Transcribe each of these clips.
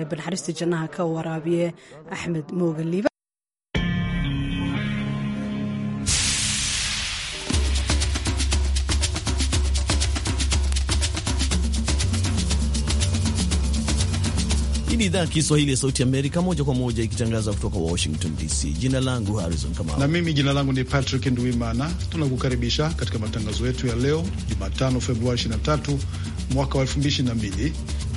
ee naxariista jannaha ka waraabiye axmed moogen liiba idhaa ya Kiswahili ya Sauti Amerika, moja kwa moja ikitangaza kutoka Washington DC. Jina langu Harrison Kamau, na mimi jina langu ni Patrick nduimana Tunakukaribisha katika matangazo yetu ya leo Jumatano, Februari 23 mwaka wa 2022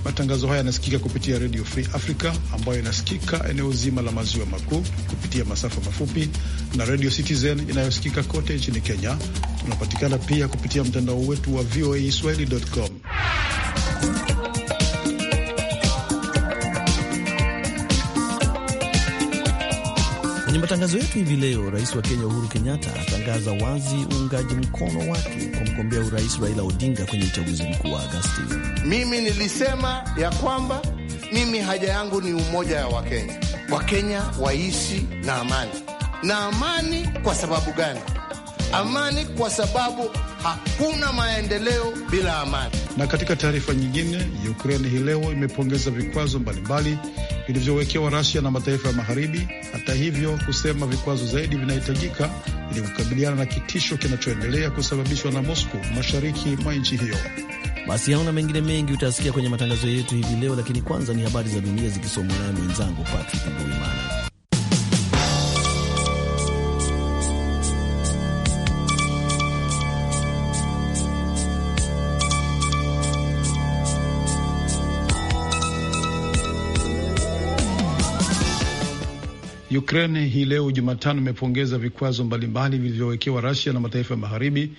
Matangazo haya yanasikika kupitia Redio Free Africa ambayo inasikika eneo zima la maziwa makuu kupitia masafa mafupi na Redio Citizen inayosikika kote nchini Kenya. Tunapatikana pia kupitia mtandao wetu wa VOA swahili.com. Kwenye matangazo yetu hivi leo, rais wa Kenya Uhuru Kenyatta atangaza wazi uungaji mkono wake kwa mgombea urais Raila Odinga kwenye uchaguzi mkuu wa Agasti. Mimi nilisema ya kwamba mimi haja yangu ni umoja ya Wakenya, Wakenya waishi na amani. Na amani kwa sababu gani? Amani kwa sababu Hakuna maendeleo bila amani. Na katika taarifa nyingine, Ukraine hii leo imepongeza vikwazo mbalimbali vilivyowekewa Rasia na mataifa ya Magharibi, hata hivyo kusema vikwazo zaidi vinahitajika ili kukabiliana na kitisho kinachoendelea kusababishwa na Moscow mashariki mwa nchi hiyo. Basi haona mengine mengi utasikia kwenye matangazo yetu hivi leo, lakini kwanza ni habari za dunia zikisomwa naye mwenzangu Patrick Buimana. Ukraine hii leo Jumatano imepongeza vikwazo mbalimbali vilivyowekewa rasia na mataifa ya magharibi,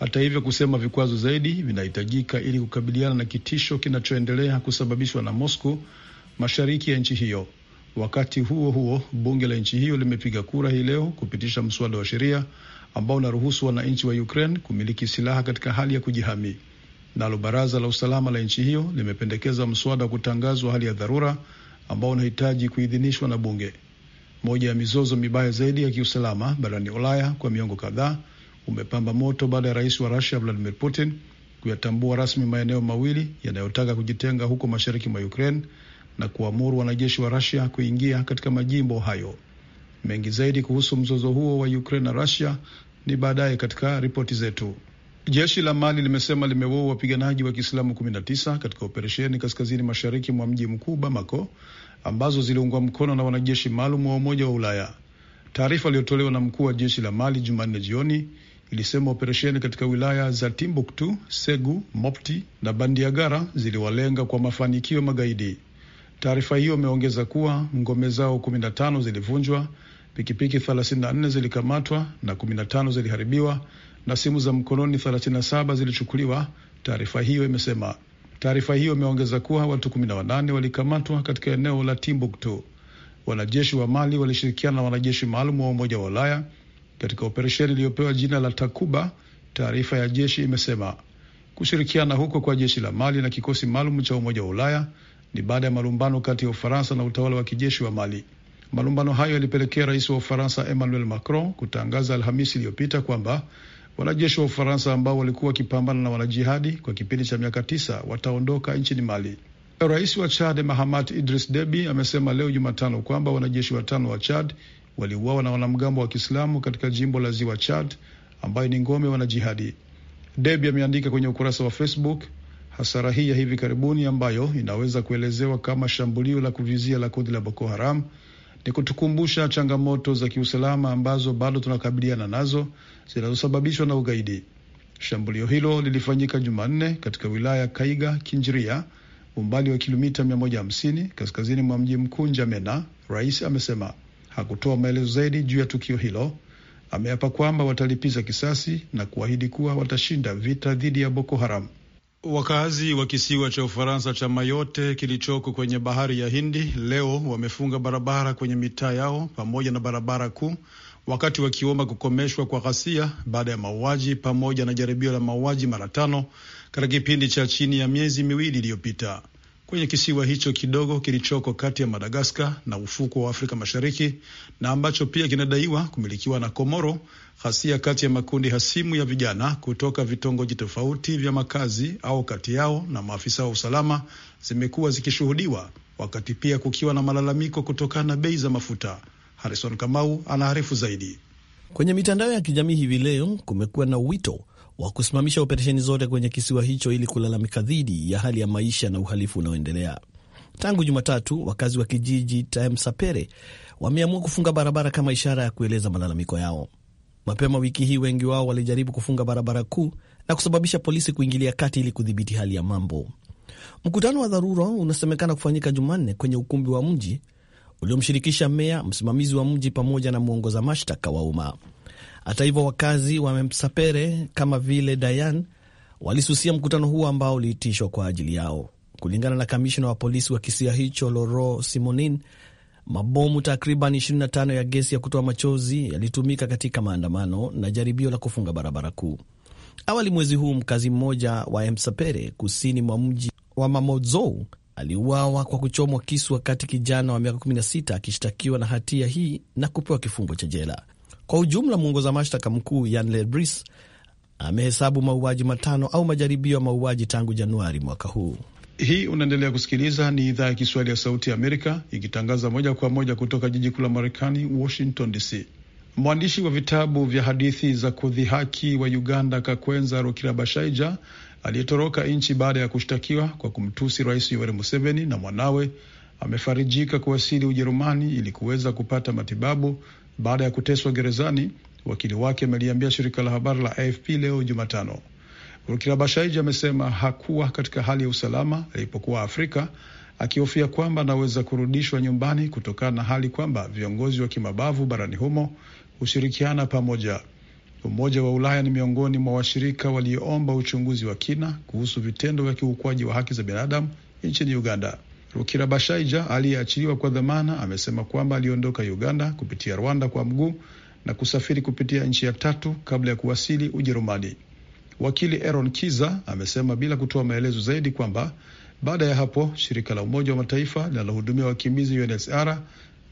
hata hivyo kusema vikwazo zaidi vinahitajika ili kukabiliana na kitisho kinachoendelea kusababishwa na Moscow mashariki ya nchi hiyo. Wakati huo huo, bunge la nchi hiyo limepiga kura hii leo kupitisha mswada wa sheria ambao unaruhusu wananchi wa Ukraine kumiliki silaha katika hali ya kujihami. Nalo baraza la usalama la nchi hiyo limependekeza mswada wa kutangazwa hali ya dharura ambao unahitaji kuidhinishwa na bunge moja ya mizozo mibaya zaidi ya kiusalama barani Ulaya kwa miongo kadhaa, umepamba moto baada ya rais wa Rusia Vladimir Putin kuyatambua rasmi maeneo mawili yanayotaka kujitenga huko mashariki mwa Ukraine na kuamuru wanajeshi wa Rusia kuingia katika majimbo hayo. Mengi zaidi kuhusu mzozo huo wa Ukraine na Rusia ni baadaye katika ripoti zetu. Jeshi la Mali limesema limewaua wapiganaji wa Kiislamu 19 katika operesheni kaskazini mashariki mwa mji mkuu Bamako, ambazo ziliungwa mkono na wanajeshi maalum wa Umoja wa Ulaya. Taarifa iliyotolewa na mkuu wa jeshi la Mali Jumanne jioni ilisema operesheni katika wilaya za Timbuktu, Segu, Mopti na Bandiagara ziliwalenga kwa mafanikio magaidi. Taarifa hiyo imeongeza kuwa ngome zao 15 zilivunjwa, pikipiki 34 zilikamatwa na 15 ziliharibiwa na simu za mkononi 37 zilichukuliwa, taarifa hiyo imesema. Taarifa hiyo imeongeza kuwa watu 18 walikamatwa katika eneo la Timbuktu. Wanajeshi wa Mali walishirikiana na wanajeshi maalum wa Umoja wa Ulaya katika operesheni iliyopewa jina la Takuba, taarifa ya jeshi imesema. Kushirikiana huko kwa jeshi la Mali na kikosi maalum cha Umoja wa Ulaya ni baada ya malumbano kati ya Ufaransa na utawala wa kijeshi wa Mali. Malumbano hayo yalipelekea rais wa Ufaransa Emmanuel Macron kutangaza Alhamisi iliyopita kwamba Wanajeshi wa Ufaransa ambao walikuwa wakipambana na wanajihadi kwa kipindi cha miaka tisa wataondoka nchini Mali. Rais wa Chad Mahamat Idris Debi amesema leo Jumatano kwamba wanajeshi watano wa Chad waliuawa na wanamgambo wa Kiislamu katika jimbo la Ziwa Chad ambayo ni ngome wanajihadi. Debi ameandika kwenye ukurasa wa Facebook, hasara hii ya hivi karibuni ambayo inaweza kuelezewa kama shambulio la kuvizia la kundi la Boko Haram ni kutukumbusha changamoto za kiusalama ambazo bado tunakabiliana nazo zinazosababishwa na ugaidi. Shambulio hilo lilifanyika Jumanne katika wilaya ya Kaiga Kinjiria, umbali wa kilomita 150 kaskazini mwa mji mkuu Njamena. Rais amesema hakutoa maelezo zaidi juu ya tukio hilo. Ameapa kwamba watalipiza kisasi na kuahidi kuwa watashinda vita dhidi ya Boko Haram. Wakazi wa kisiwa cha Ufaransa cha Mayotte kilichoko kwenye bahari ya Hindi leo wamefunga barabara kwenye mitaa yao pamoja na barabara kuu, wakati wakiomba kukomeshwa kwa ghasia baada ya mauaji pamoja na jaribio la mauaji mara tano katika kipindi cha chini ya miezi miwili iliyopita kwenye kisiwa hicho kidogo kilichoko kati ya Madagaskar na ufuko wa Afrika Mashariki na ambacho pia kinadaiwa kumilikiwa na Komoro, ghasia kati ya makundi hasimu ya vijana kutoka vitongoji tofauti vya makazi au kati yao na maafisa wa usalama zimekuwa zikishuhudiwa, wakati pia kukiwa na malalamiko kutokana na bei za mafuta. Harrison Kamau anaarifu zaidi. Kwenye mitandao ya kijamii hivi leo kumekuwa na wito wa kusimamisha operesheni zote kwenye kisiwa hicho ili kulalamika dhidi ya hali ya maisha na uhalifu unaoendelea. Tangu Jumatatu, wakazi wa kijiji Taemsapere wameamua kufunga barabara kama ishara ya kueleza malalamiko yao. Mapema wiki hii, wengi wao walijaribu kufunga barabara kuu na kusababisha polisi kuingilia kati ili kudhibiti hali ya mambo. Mkutano wa dharura unasemekana kufanyika Jumanne kwenye ukumbi wa mji uliomshirikisha meya, msimamizi wa mji pamoja na mwongoza mashtaka wa umma. Hata hivyo, wakazi wa Msapere kama vile Dayan walisusia mkutano huo ambao uliitishwa kwa ajili yao. Kulingana na kamishna wa polisi wa kisia hicho Loro Simonin, mabomu takriban 25 ya gesi ya kutoa machozi yalitumika katika maandamano na jaribio la kufunga barabara kuu. Awali mwezi huu, mkazi mmoja wa Emsapere kusini mwa mji wa Mamozou aliuawa kwa kuchomwa kisu, wakati kijana wa miaka 16 akishtakiwa na hatia hii na kupewa kifungo cha jela. Kwa ujumla, mwongoza mashtaka mkuu Yan Lebris amehesabu mauaji matano au majaribio ya mauaji tangu Januari mwaka huu. Hii unaendelea kusikiliza, ni idhaa ya Kiswahili ya Sauti ya Amerika ikitangaza moja kwa moja kutoka jiji kuu la Marekani, Washington DC. Mwandishi wa vitabu vya hadithi za kudhihaki wa Uganda, Kakwenza rokirabashaija aliyetoroka nchi baada ya kushtakiwa kwa kumtusi Rais Yoweri Museveni na mwanawe, amefarijika kuwasili Ujerumani ili kuweza kupata matibabu baada ya kuteswa gerezani, wakili wake ameliambia shirika la habari la AFP leo Jumatano. Rukirabashaiji amesema hakuwa katika hali ya usalama alipokuwa Afrika, akihofia kwamba anaweza kurudishwa nyumbani kutokana na hali kwamba viongozi wa kimabavu barani humo hushirikiana pamoja. Umoja wa Ulaya ni miongoni mwa washirika walioomba uchunguzi wa kina kuhusu vitendo vya kiukwaji wa haki za binadamu nchini Uganda. Rukira Bashaija aliyeachiliwa kwa dhamana amesema kwamba aliondoka Uganda kupitia Rwanda kwa mguu na kusafiri kupitia nchi ya tatu kabla ya kuwasili Ujerumani. Wakili Aaron Kiza amesema bila kutoa maelezo zaidi kwamba baada ya hapo shirika la Umoja wa Mataifa linalohudumia wakimbizi UNHCR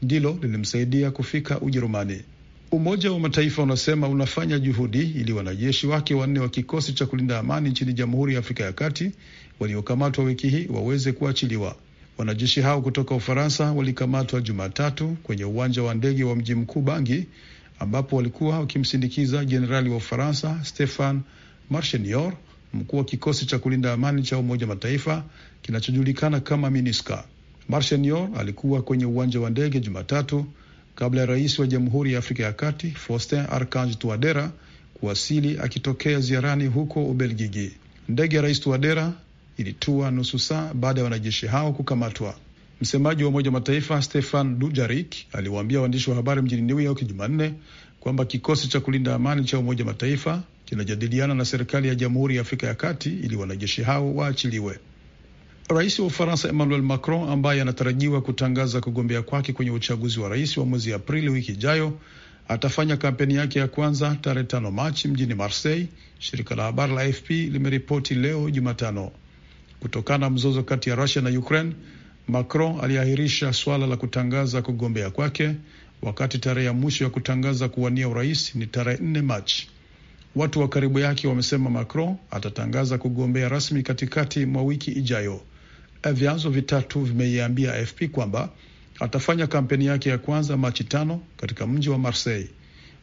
ndilo lilimsaidia kufika Ujerumani. Umoja wa Mataifa unasema unafanya juhudi ili wanajeshi wake wanne wa kikosi cha kulinda amani nchini Jamhuri ya Afrika ya Kati waliokamatwa wiki hii waweze kuachiliwa. Wanajeshi hao kutoka Ufaransa walikamatwa Jumatatu kwenye uwanja wa ndege wa mji mkuu Bangi, ambapo walikuwa wakimsindikiza jenerali wa Ufaransa Stefan Marchenior, mkuu wa kikosi cha kulinda amani cha Umoja Mataifa kinachojulikana kama MINUSCA. Marchenior alikuwa kwenye uwanja wa ndege Jumatatu kabla ya rais wa Jamhuri ya Afrika ya Kati Faustin Archange Touadera kuwasili akitokea ziarani huko Ubelgiji. Ndege ya rais Touadera ilitua nusu saa baada ya wanajeshi hao kukamatwa. Msemaji wa Umoja wa Mataifa Stefan Dujarik aliwaambia waandishi wa habari mjini New York Jumanne kwamba kikosi cha kulinda amani cha Umoja wa Mataifa kinajadiliana na serikali ya Jamhuri ya Afrika ya Kati ili wanajeshi hao waachiliwe. Rais wa Ufaransa Emmanuel Macron ambaye anatarajiwa kutangaza kugombea kwake kwenye uchaguzi wa rais wa mwezi Aprili wiki ijayo atafanya kampeni yake ya kwanza tarehe tano Machi mjini Marseille, shirika la habari la AFP limeripoti leo Jumatano. Kutokana na mzozo kati ya Rusia na Ukraine, Macron aliahirisha swala la kutangaza kugombea kwake, wakati tarehe ya mwisho ya kutangaza kuwania urais ni tarehe nne Machi. Watu wa karibu yake wamesema Macron atatangaza kugombea rasmi katikati mwa wiki ijayo. Vyanzo vitatu vimeiambia AFP kwamba atafanya kampeni yake ya kwanza Machi tano katika mji wa Marseille.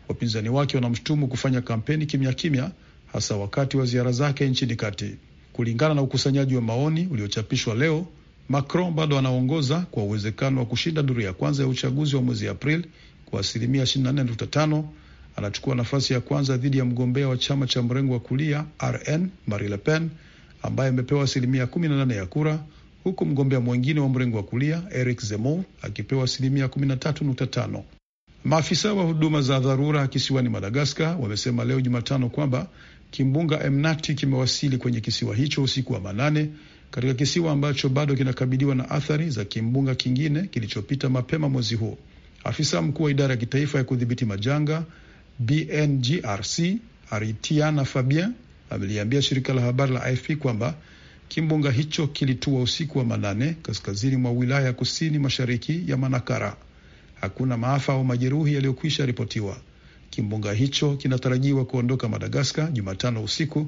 Wapinzani wake wanamshutumu kufanya kampeni kimya kimya, hasa wakati wa ziara zake nchini kati. Kulingana na ukusanyaji wa maoni uliochapishwa leo, Macron bado anaongoza kwa uwezekano wa kushinda duru ya kwanza ya uchaguzi wa mwezi Aprili kwa asilimia 24.5. Anachukua nafasi ya kwanza dhidi ya mgombea wa chama cha mrengo wa kulia RN marie Le Pen ambaye amepewa asilimia 18 ya kura, huku mgombea mwingine wa mrengo wa kulia Eric Zemmour akipewa asilimia 13.5. Maafisa wa huduma za dharura kisiwani Madagaskar wamesema leo Jumatano kwamba kimbunga Emnati kimewasili kwenye kisiwa hicho usiku wa manane, katika kisiwa ambacho bado kinakabiliwa na athari za kimbunga kingine kilichopita mapema mwezi huu. Afisa mkuu wa idara ya kitaifa ya kudhibiti majanga BNGRC Aritiana Fabien ameliambia shirika la habari la AFP kwamba kimbunga hicho kilitua usiku wa manane kaskazini mwa wilaya ya kusini mashariki ya Manakara hakuna maafa au majeruhi yaliyokwisha ripotiwa. Kimbunga hicho kinatarajiwa kuondoka Madagaskar Jumatano usiku,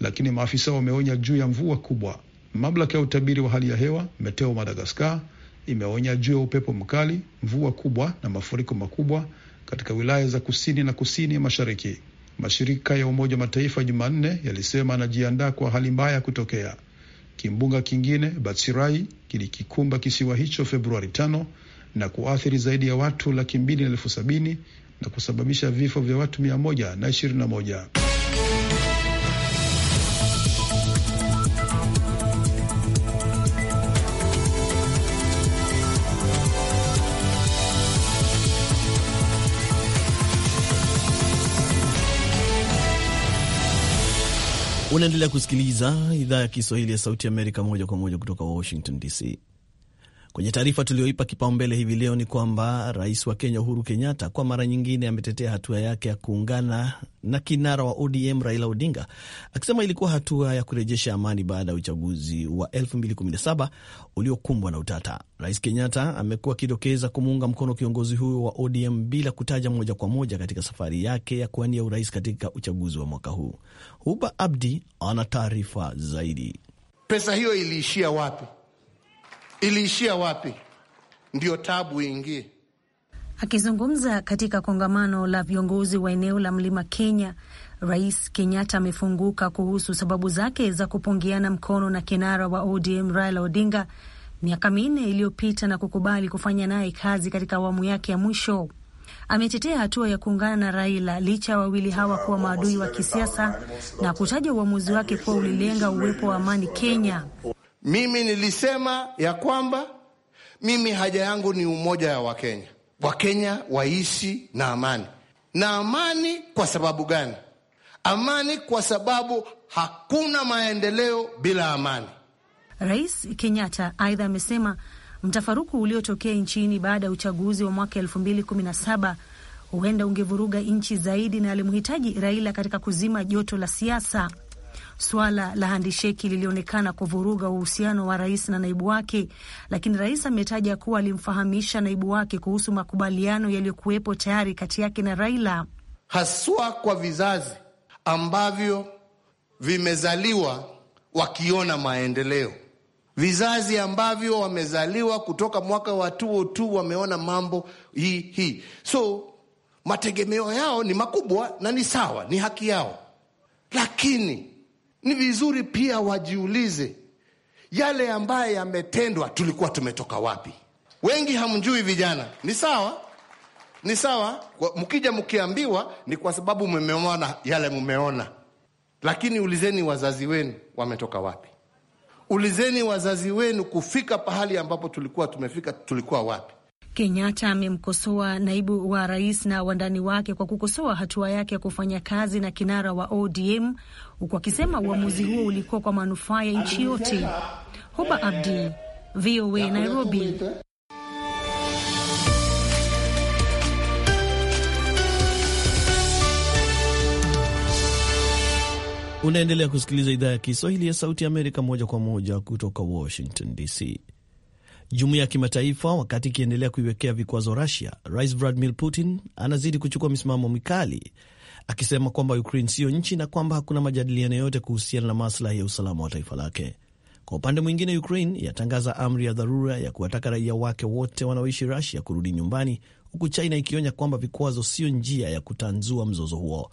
lakini maafisa wameonya juu ya mvua kubwa. Mamlaka ya utabiri wa hali ya hewa Meteo Madagaskar imeonya juu ya upepo mkali, mvua kubwa na mafuriko makubwa katika wilaya za kusini na kusini mashariki. Mashirika ya Umoja wa Mataifa Jumanne yalisema anajiandaa kwa hali mbaya kutokea. Kimbunga kingine Batsirai kilikikumba kisiwa hicho Februari tano na kuathiri zaidi ya watu laki mbili na elfu sabini na kusababisha vifo vya watu mia moja na ishirini na moja. Unaendelea kusikiliza idhaa ya Kiswahili ya Sauti ya Amerika moja kwa moja kutoka Washington DC. Kwenye taarifa tulioipa kipaumbele hivi leo ni kwamba rais wa Kenya Uhuru Kenyatta kwa mara nyingine ametetea hatua yake ya kuungana na kinara wa ODM Raila Odinga, akisema ilikuwa hatua ya kurejesha amani baada ya uchaguzi wa 2017 uliokumbwa na utata. Rais Kenyatta amekuwa akidokeza kumuunga mkono kiongozi huyo wa ODM bila kutaja moja kwa moja katika safari yake ya kuwania urais katika uchaguzi wa mwaka huu. Huba Abdi ana taarifa zaidi. Pesa hiyo iliishia wapi? iliishia wapi? Ndio tabu iingie. Akizungumza katika kongamano la viongozi wa eneo la mlima Kenya, Rais Kenyatta amefunguka kuhusu sababu zake za kupungiana mkono na kinara wa ODM Raila Odinga miaka minne iliyopita na kukubali kufanya naye kazi katika awamu yake ya mwisho. Ametetea hatua ya kuungana na Raila licha ya wawili hawa kuwa maadui wa kisiasa na kutaja uamuzi wake kuwa ulilenga uwepo wa amani Kenya. Mimi nilisema ya kwamba mimi haja yangu ni umoja ya Wakenya, Wakenya waishi na amani. Na amani kwa sababu gani? Amani kwa sababu hakuna maendeleo bila amani. Rais Kenyatta aidha amesema mtafaruku uliotokea nchini baada ya uchaguzi wa mwaka elfu mbili kumi na saba huenda ungevuruga nchi zaidi, na alimhitaji Raila katika kuzima joto la siasa. Swala la handisheki lilionekana kuvuruga uhusiano wa rais na naibu wake, lakini rais ametaja kuwa alimfahamisha naibu wake kuhusu makubaliano yaliyokuwepo tayari kati yake na Raila, haswa kwa vizazi ambavyo vimezaliwa wakiona maendeleo, vizazi ambavyo wamezaliwa kutoka mwaka wa 2002 wameona mambo hii hii, so mategemeo yao ni makubwa na ni sawa, ni haki yao, lakini ni vizuri pia wajiulize yale ambaye yametendwa, tulikuwa tumetoka wapi? Wengi hamjui, vijana. Ni sawa, ni sawa, mkija mkiambiwa ni kwa sababu mmeona yale mmeona, lakini ulizeni wazazi wenu wametoka wapi? Ulizeni wazazi wenu kufika pahali ambapo tulikuwa tumefika, tulikuwa wapi? Kenyatta amemkosoa naibu wa rais na wandani wake kwa kukosoa hatua yake ya kufanya kazi na kinara wa ODM, huku akisema uamuzi huo ulikuwa kwa manufaa ya nchi yote. Hoba Abdi, VOA Nairobi. Unaendelea kusikiliza idhaa ya Kiswahili ya Sauti ya Amerika moja kwa moja kutoka Washington DC jumuiya ya kimataifa wakati ikiendelea kuiwekea vikwazo Rusia, Rais Vladimir Putin anazidi kuchukua misimamo mikali akisema kwamba Ukraine siyo nchi na kwamba hakuna majadiliano yoyote kuhusiana na maslahi ya usalama wa taifa lake. Kwa upande mwingine, Ukraine yatangaza amri ya dharura ya kuwataka raia wake wote wanaoishi Rusia kurudi nyumbani, huku China ikionya kwamba vikwazo siyo njia ya kutanzua mzozo huo.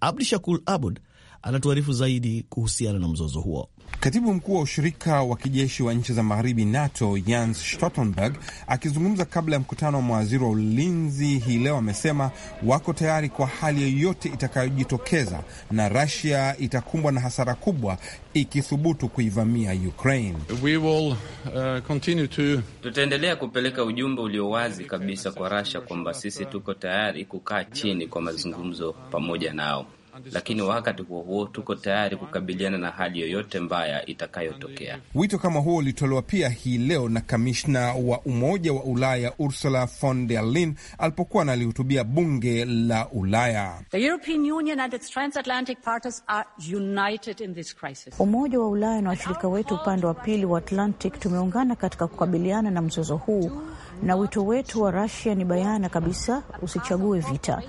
Abdu Shakul Abud anatuarifu zaidi kuhusiana na mzozo huo. Katibu mkuu wa ushirika wa kijeshi wa nchi za magharibi NATO Jens Stoltenberg akizungumza kabla ya mkutano wa mawaziri wa ulinzi hii leo amesema wako tayari kwa hali yoyote itakayojitokeza, na rasia itakumbwa na hasara kubwa ikithubutu kuivamia Ukraine. We will, uh, continue to... tutaendelea kupeleka ujumbe ulio wazi kabisa kwa rasia kwamba sisi tuko tayari kukaa chini kwa mazungumzo pamoja nao lakini wakati huo huo tuko tayari kukabiliana na hali yoyote mbaya itakayotokea. Wito kama huo ulitolewa pia hii leo na kamishna wa Umoja wa Ulaya Ursula von der Leyen alipokuwa analihutubia bunge la Ulaya. Umoja wa Ulaya na washirika wetu upande wa pili wa Atlantic tumeungana katika kukabiliana na mzozo huu, na wito wetu wa rasia ni bayana kabisa: usichague vita.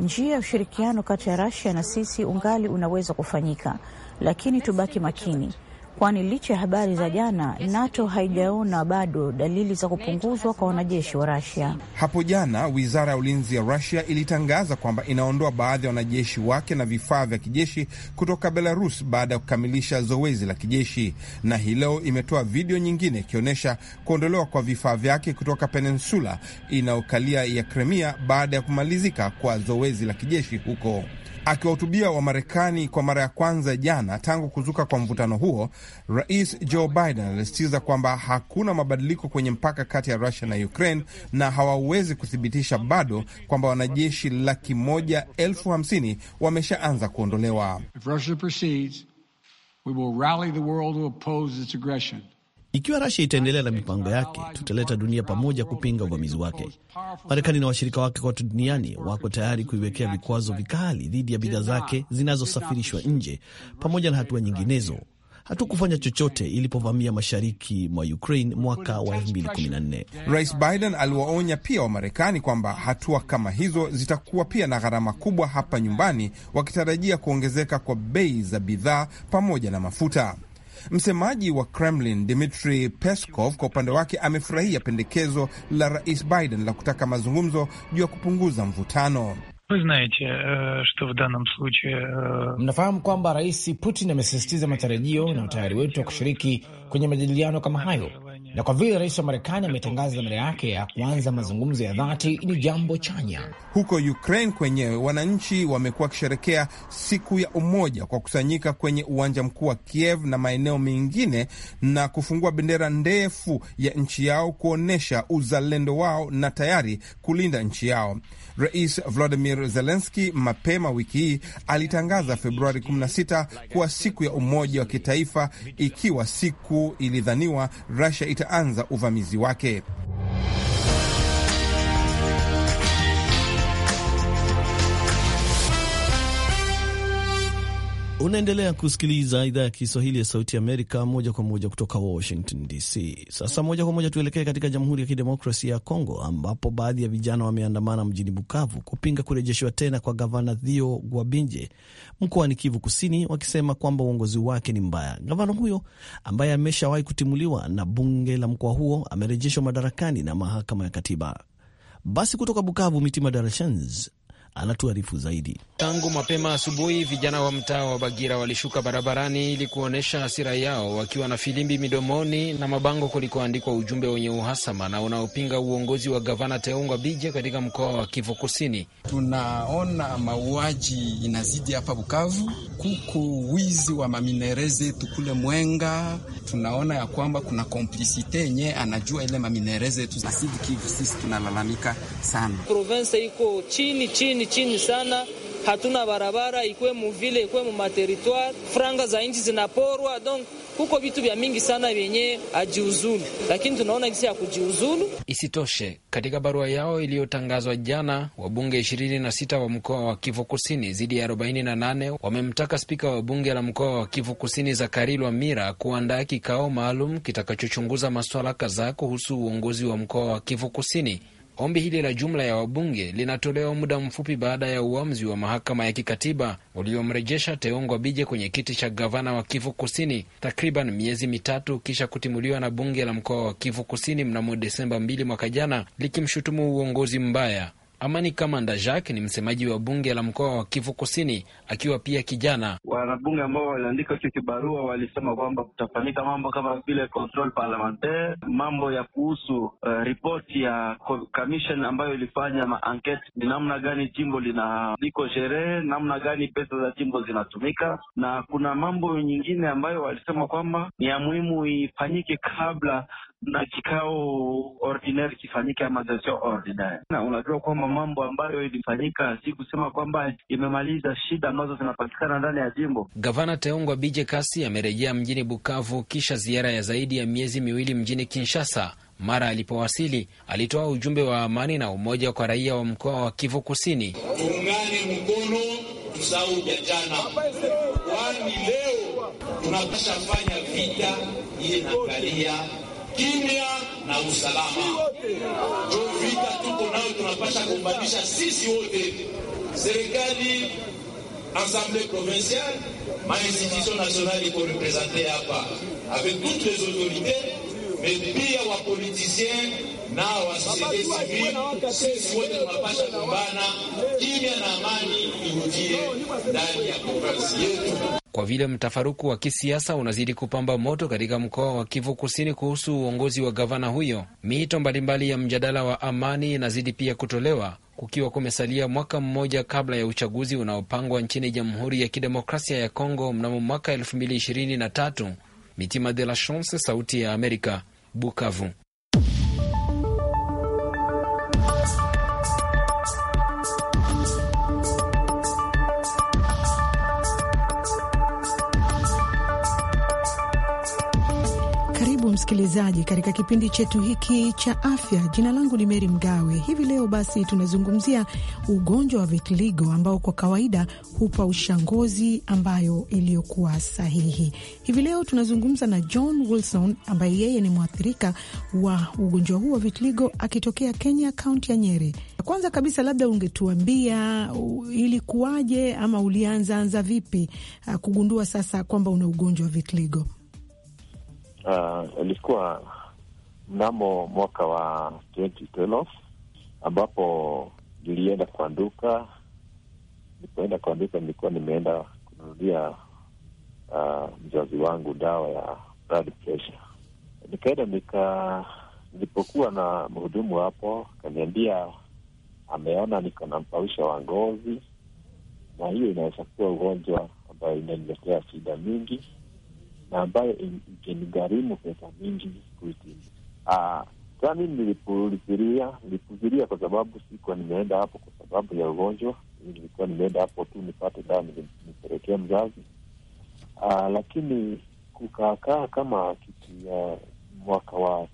Njia ya ushirikiano kati ya Rasia na sisi ungali unaweza kufanyika, lakini tubaki makini kwani licha ya habari za jana, NATO haijaona bado dalili za kupunguzwa kwa wanajeshi wa Rasia. Hapo jana, wizara ya ulinzi ya Rasia ilitangaza kwamba inaondoa baadhi ya wanajeshi wake na vifaa vya kijeshi kutoka Belarus baada ya kukamilisha zoezi la kijeshi, na hii leo imetoa video nyingine ikionyesha kuondolewa kwa vifaa vyake kutoka peninsula inayokalia ya Kremia baada ya kumalizika kwa zoezi la kijeshi huko. Akiwahutubia Wamarekani kwa mara ya kwanza jana tangu kuzuka kwa mvutano huo, Rais Joe Biden alisisitiza kwamba hakuna mabadiliko kwenye mpaka kati ya Rusia na Ukraine na hawawezi kuthibitisha bado kwamba wanajeshi laki moja elfu hamsini wameshaanza kuondolewa. If Russia proceeds, we will rally the world to oppose its aggression. Ikiwa Rasia itaendelea na mipango yake, tutaleta dunia pamoja kupinga uvamizi wake. Marekani na washirika wake kote duniani wako tayari kuiwekea vikwazo vikali dhidi ya bidhaa zake zinazosafirishwa nje, pamoja na hatua nyinginezo. Hatukufanya chochote ilipovamia mashariki mwa Ukraine mwaka wa 2014. Rais Biden aliwaonya pia Wamarekani kwamba hatua kama hizo zitakuwa pia na gharama kubwa hapa nyumbani, wakitarajia kuongezeka kwa bei za bidhaa pamoja na mafuta. Msemaji wa Kremlin Dmitri Peskov kwa upande wake amefurahia pendekezo la Rais Biden la kutaka mazungumzo juu ya kupunguza mvutano. Э, э, Mnafahamu kwamba Rais Putin amesisitiza matarajio na utayari wetu wa kushiriki kwenye majadiliano kama hayo na kwa vile rais wa Marekani ametangaza dhamira yake ya kuanza mazungumzo ya dhati, ni jambo chanya. Huko Ukraine kwenyewe wananchi wamekuwa wakisherekea siku ya umoja kwa kusanyika kwenye uwanja mkuu wa Kiev na maeneo mengine na kufungua bendera ndefu ya nchi yao kuonyesha uzalendo wao na tayari kulinda nchi yao. Rais Vladimir zelenski mapema wiki hii alitangaza Februari 16 kuwa siku ya umoja wa kitaifa, ikiwa siku ilidhaniwa Rusia itaanza uvamizi wake. Unaendelea kusikiliza idhaa ya Kiswahili ya Sauti Amerika moja kwa moja kutoka Washington DC. Sasa moja kwa moja tuelekee katika Jamhuri ya Kidemokrasia ya Kongo, ambapo baadhi ya vijana wameandamana mjini Bukavu kupinga kurejeshwa tena kwa gavana Dhio Gwabinje mkoani Kivu Kusini, wakisema kwamba uongozi wake ni mbaya. Gavana huyo ambaye ameshawahi kutimuliwa na bunge la mkoa huo amerejeshwa madarakani na mahakama ya katiba. Basi kutoka Bukavu, Mitima Darashans anatuarifu zaidi. Tangu mapema asubuhi, vijana wa mtaa wa Bagira walishuka barabarani ili kuonyesha hasira yao, wakiwa na filimbi midomoni na mabango kulikoandikwa ujumbe wenye uhasama na unaopinga uongozi wa gavana Teungwa Bije katika mkoa wa Kivu Kusini. Tunaona mauaji inazidi hapa Bukavu, kuko wizi wa maminere zetu kule Mwenga. Tunaona ya kwamba kuna komplisite yenye anajua ile maminere zetu. Sisi tunalalamika sana, provensa iko chini chini chini sana, hatuna barabara ikuwe muvile ikuwe mumateritware, franga za nchi zinaporwa, donc huko vitu vya mingi sana vyenye ajiuzulu, lakini tunaona jinsi ya kujiuzulu. Isitoshe, katika barua yao iliyotangazwa jana, wabunge 26 wa mkoa wa Kivu Kusini dhidi ya 48 wamemtaka spika wa bunge la mkoa wa Kivu Kusini Zakari Mira kuandaa kikao maalum kitakachochunguza masuala kadhaa kuhusu uongozi wa mkoa wa Kivu Kusini. Ombi hili la jumla ya wabunge linatolewa muda mfupi baada ya uamuzi wa mahakama ya kikatiba uliomrejesha Teongwa Bije kwenye kiti cha gavana wa Kivu Kusini takriban miezi mitatu kisha kutimuliwa na bunge la mkoa wa Kivu Kusini mnamo Desemba 2 mwaka jana likimshutumu uongozi mbaya Amani Kamanda Jacques ni msemaji wa bunge la mkoa wa Kivu Kusini, akiwa pia kijana. Wanabunge ambao waliandika hicho kibarua walisema kwamba kutafanyika mambo kama vile control parlementaire, mambo ya kuhusu uh, ripoti ya commission ambayo ilifanya maankete, ni namna gani jimbo lina liko sherehe, namna gani pesa za jimbo zinatumika, na kuna mambo nyingine ambayo walisema kwamba ni ya muhimu ifanyike kabla na kikao ordinary kifanyike ama sio ordinary. Na unajua kwamba mambo ambayo ilifanyika si kusema kwamba imemaliza shida ambazo zinapatikana ndani ya jimbo. Gavana Teongwa Bije Kasi amerejea mjini Bukavu kisha ziara ya zaidi ya miezi miwili mjini Kinshasa. Mara alipowasili alitoa ujumbe wa amani na umoja kwa raia wa mkoa wa Kivu Kusini. Tuungane mkono, tusahau jana, kwani leo tunapasha fanya vita iye na kimya na usalama. Jo vita tuko nayo tunapasha kumbadilisha sisi wote, serikali, assemblée provinciale, ma institution nationale iko represente hapa avec toutes les autorités, mais pia wa politiciens na wa société civile, sisi wote tunapasha kumbana kimya na amani irudie ndani ya province yetu. kwa vile mtafaruku wa kisiasa unazidi kupamba moto katika mkoa wa Kivu Kusini kuhusu uongozi wa gavana huyo, miito mbalimbali ya mjadala wa amani inazidi pia kutolewa kukiwa kumesalia mwaka mmoja kabla ya uchaguzi unaopangwa nchini Jamhuri ya Kidemokrasia ya Kongo mnamo mwaka 2023. Mitima de la Chance, Sauti ya Amerika, Bukavu. Karibu msikilizaji katika kipindi chetu hiki cha afya. Jina langu ni Meri Mgawe. Hivi leo basi tunazungumzia ugonjwa wa vitiligo ambao kwa kawaida hupa ushangozi ambayo iliyokuwa sahihi. Hivi leo tunazungumza na John Wilson ambaye yeye ni mwathirika wa ugonjwa huu wa vitiligo akitokea Kenya, kaunti ya Nyeri. Kwanza kabisa, labda ungetuambia ilikuwaje ama ulianzaanza vipi kugundua sasa kwamba una ugonjwa wa vitiligo? uh, ilikuwa mnamo mwaka wa 2012 ambapo nilienda kwa duka. Nilipoenda kwa duka, nilikuwa nimeenda kununulia uh, mzazi wangu dawa ya blood pressure. Nikaenda nika, nilipokuwa na mhudumu hapo, akaniambia ameona niko na mpausha wa ngozi, na hiyo inaweza kuwa ugonjwa ambayo inaniletea shida mingi na ambayo ingenigharimu pesa nyingi kuitimu. Ah, Sami nilipuziria nilipuziria kwa sababu sikuwa nimeenda hapo kwa sababu ya ugonjwa. Nilikuwa nimeenda hapo tu nipate dawa nipelekee mzazi. Aa, ah, lakini kukaakaa kama kiti ya mwaka wa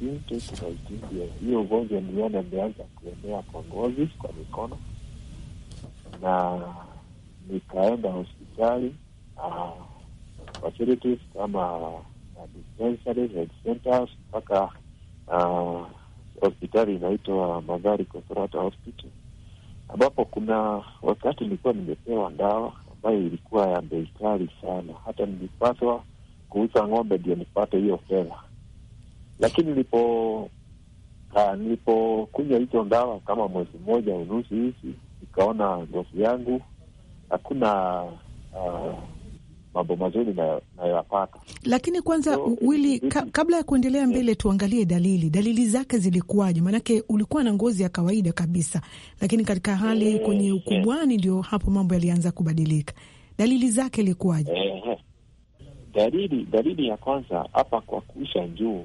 2018 hiyo ugonjwa niliona imeanza kuenea kwa ngozi, kwa mikono, na nikaenda hospitali aa, ah, facilities kama uh, dispensaries, health centers mpaka uh, hospitali inaitwa magari Kosorata Hospital, ambapo kuna wakati nilikuwa nimepewa dawa ambayo ilikuwa ya bei kali sana, hata nilipaswa kuuza ng'ombe ndio nipate hiyo fedha, lakini nilipo Uh, nilipokunywa hizo dawa kama mwezi mmoja unusu hivi, nikaona ngozi yangu hakuna uh, mambo mazuri nayoyapata. Lakini kwanza, so, Wili, ka, kabla ya kuendelea mbele, tuangalie dalili dalili zake zilikuwaje? Maanake ulikuwa na ngozi ya kawaida kabisa, lakini katika hali mm, kwenye eh. ukubwani ndio yeah, hapo mambo yalianza kubadilika. Dalili zake ilikuwaje? Eh, dalili dalili ya kwanza hapa kwa kuisha juu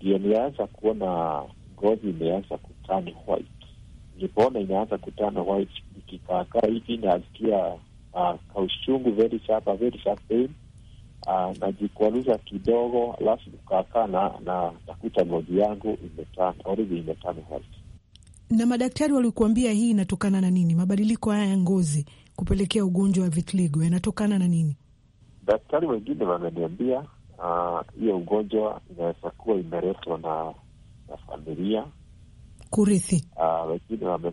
ndio nianza kuona ngozi imeanza kutani white. Nilipoona imeanza kuturn white, nikikaakaa hivi nasikia kauchungu very sharp, very sharp pain uh, ah, najikwaruza kidogo, alafu ukakaa na na takuta ngozi yangu imetana already, imetana Na madaktari walikuambia hii inatokana na nini? Mabadiliko haya ya ngozi kupelekea ugonjwa wa vitiligo yanatokana na nini? Daktari wengine wameniambia ah, hiyo uh, ugonjwa inaweza kuwa imeletwa na na familia kurithi. Uh, wengine wame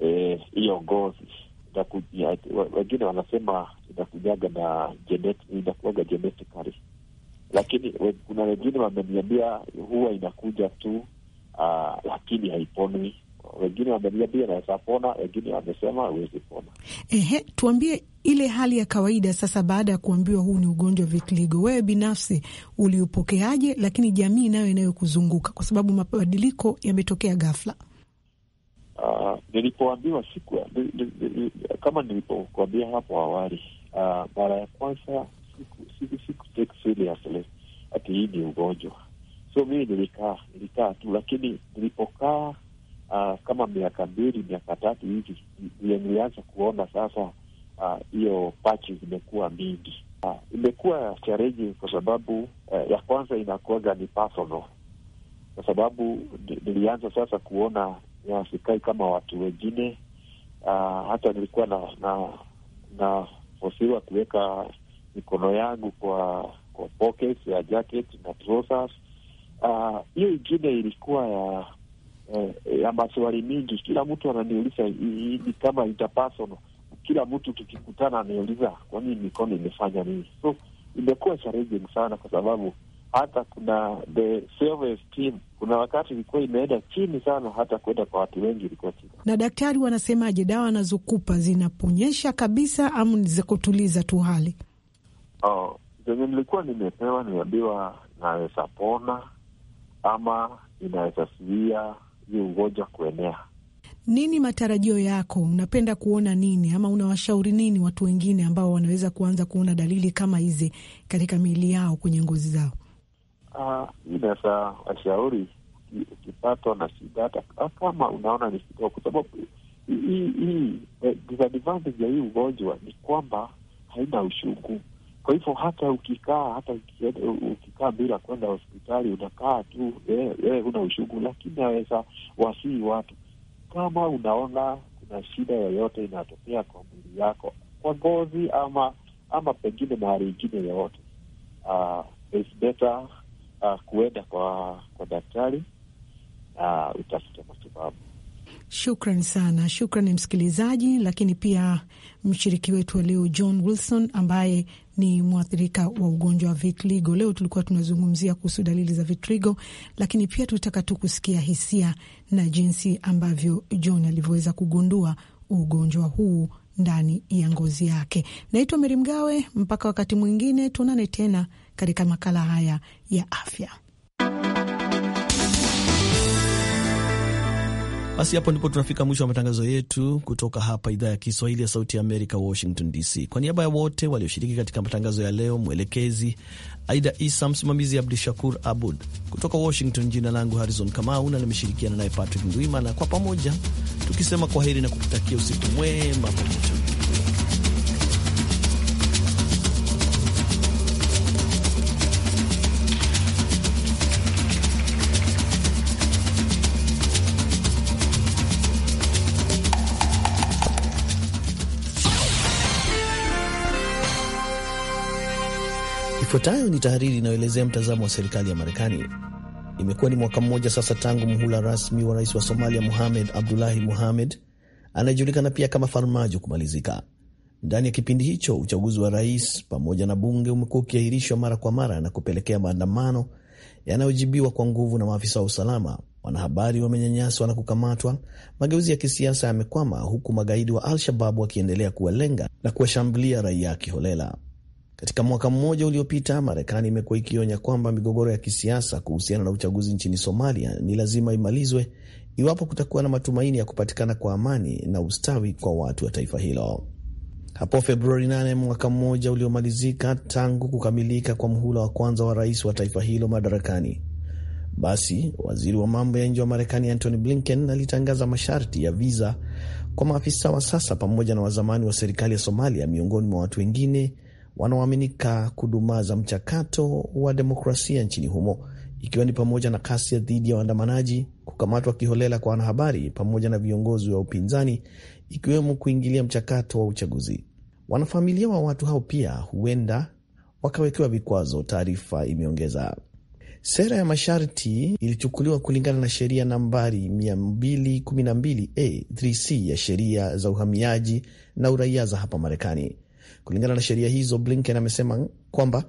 eh, hiyo eh, ngozi na wengine wanasema inakujaga na inakuaga genetically, lakini kuna wengine wameniambia huwa inakuja tu uh, lakini haiponi Wengine wameniambia naweza pona, wengine wamesema hawezi pona. Ehe, tuambie ile hali ya kawaida sasa, baada ya kuambiwa huu ni ugonjwa wa vitiligo, wewe binafsi uliupokeaje? Lakini jamii nayo inayokuzunguka, kwa sababu mabadiliko yametokea ghafla. Uh, nilipoambiwa siku kama nilipokuambia hapo awali, uh, mara ya kwanza siku ati hii ni ugonjwa, so mii nilikaa nilikaa tu, lakini nilipokaa uh, kama miaka mbili miaka tatu hivi ndiyo nilianza kuona sasa hiyo uh, pachi zimekuwa mingi. Uh, imekuwa chareji kwa sababu uh, ya kwanza inakuaga ni personal, kwa sababu nilianza sasa kuona na sikai kama watu wengine. Uh, hata nilikuwa na na, na fosiwa kuweka mikono yangu kwa kwa pocket ya jacket na trousers. Ah, hiyo uh, ingine ilikuwa ya eh, ya maswali mingi. Kila mtu ananiuliza ni kama interpersonal, kila mtu tukikutana ananiuliza kwa nini mikono imefanya nini, so imekuwa challenging sana kwa sababu hata kuna the kuna wakati ilikuwa imeenda chini sana, hata kwenda kwa watu wengi ilikuwa chini. Na daktari wanasemaje, dawa anazokupa zinaponyesha kabisa ama ni za kutuliza tu hali? Oh, zenye nilikuwa nimepewa niambiwa naweza pona ama inaweza zuia hii ugonjwa kuenea. Nini matarajio yako? Unapenda kuona nini ama unawashauri nini watu wengine ambao wanaweza kuanza kuona dalili kama hizi katika miili yao, kwenye ngozi zao? Ah, Ina saa washauri ukipatwa na shida, hata kama unaona ni shida, kwa sababu hii eh, disadvantage ya hii ugonjwa ni kwamba haina ushungu. Kwa hivyo hata ukikaa hata ukikaa bila kwenda hospitali, unakaa tu wewe, eh, eh, huna ushungu, lakini aweza wasii watu kama unaona kuna shida yoyote inatokea kwa mwili yako, kwa ngozi ama ama pengine mahali ingine yoyote, uh, it's better uh, kuenda kwa, kwa daktari na uh, utafute matibabu. Shukran sana, shukran msikilizaji, lakini pia mshiriki wetu wa leo John Wilson ambaye ni mwathirika wa ugonjwa wa vitiligo. Leo tulikuwa tunazungumzia kuhusu dalili za vitiligo, lakini pia tutaka tu kusikia hisia na jinsi ambavyo John alivyoweza kugundua ugonjwa huu ndani ya ngozi yake. Naitwa Meri Mgawe, mpaka wakati mwingine tuonane tena katika makala haya ya afya. Basi hapo ndipo tunafika mwisho wa matangazo yetu kutoka hapa idhaa ya Kiswahili ya Sauti ya Amerika, Washington DC. Kwa niaba ya wote walioshiriki katika matangazo ya leo, mwelekezi Aida Isa, msimamizi Abdu Shakur Abud kutoka Washington, jina langu Harrison Kamau na nimeshirikiana naye Patrick Ndwimana, kwa pamoja tukisema kwa heri na kukutakia usiku mwema pamoja. Ifuatayo ni tahariri inayoelezea mtazamo wa serikali ya Marekani. Imekuwa ni mwaka mmoja sasa tangu mhula rasmi wa rais wa Somalia Mohamed Abdullahi Mohamed anayejulikana pia kama Farmajo kumalizika. Ndani ya kipindi hicho, uchaguzi wa rais pamoja na bunge umekuwa ukiahirishwa mara kwa mara na kupelekea maandamano yanayojibiwa kwa nguvu na maafisa wa usalama. Wanahabari wamenyanyaswa na kukamatwa. Mageuzi ya kisiasa yamekwama, huku magaidi wa Al-Shabab wakiendelea kuwalenga na kuwashambulia raia kiholela. Katika mwaka mmoja uliopita, Marekani imekuwa ikionya kwamba migogoro ya kisiasa kuhusiana na uchaguzi nchini Somalia ni lazima imalizwe iwapo kutakuwa na matumaini ya kupatikana kwa amani na ustawi kwa watu wa taifa hilo. Hapo Februari 8 mwaka mmoja uliomalizika tangu kukamilika kwa mhula wa kwanza wa rais wa taifa hilo madarakani, basi waziri wa mambo ya nje wa Marekani Antony Blinken alitangaza masharti ya viza kwa maafisa wa sasa pamoja na wazamani wa serikali ya Somalia, miongoni mwa watu wengine wanaoaminika kudumaza mchakato wa demokrasia nchini humo, ikiwa ni pamoja na kasi dhidi ya waandamanaji, kukamatwa kiholela kwa wanahabari pamoja na viongozi wa upinzani, ikiwemo kuingilia mchakato wa uchaguzi. Wanafamilia wa watu hao pia huenda wakawekewa vikwazo, taarifa imeongeza. Sera ya masharti ilichukuliwa kulingana na sheria nambari 212a3c ya sheria za uhamiaji na uraia za hapa Marekani. Kulingana na sheria hizo, Blinken amesema kwamba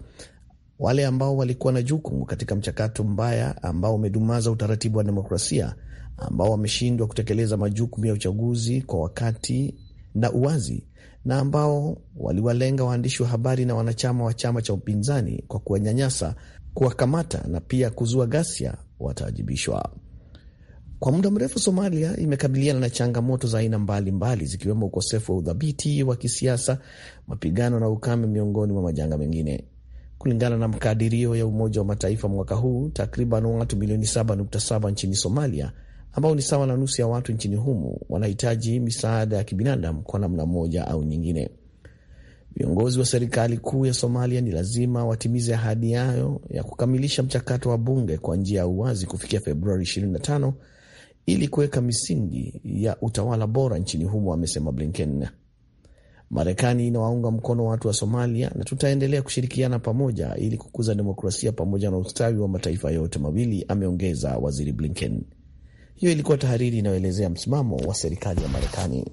wale ambao walikuwa na jukumu katika mchakato mbaya ambao umedumaza utaratibu wa demokrasia, ambao wameshindwa kutekeleza majukumu ya uchaguzi kwa wakati na uwazi, na ambao waliwalenga waandishi wa habari na wanachama wa chama cha upinzani kwa kuwanyanyasa, kuwakamata na pia kuzua ghasia, wataajibishwa. Kwa muda mrefu Somalia imekabiliana na changamoto za aina mbalimbali zikiwemo ukosefu wa udhabiti wa kisiasa, mapigano na ukame, miongoni mwa majanga mengine. Kulingana na makadirio ya Umoja wa Mataifa, mwaka huu takriban watu milioni 7.7 nchini Somalia, ambao ni sawa na nusu ya watu nchini humo, wanahitaji misaada ya kibinadamu kwa namna moja au nyingine. Viongozi wa serikali kuu ya Somalia ni lazima watimize ahadi yayo ya kukamilisha mchakato wa bunge kwa njia ya uwazi kufikia Februari ili kuweka misingi ya utawala bora nchini humo, amesema Blinken. Marekani inawaunga mkono watu wa Somalia na tutaendelea kushirikiana pamoja ili kukuza demokrasia pamoja na ustawi wa mataifa yote mawili, ameongeza Waziri Blinken. Hiyo ilikuwa tahariri inayoelezea msimamo wa serikali ya Marekani.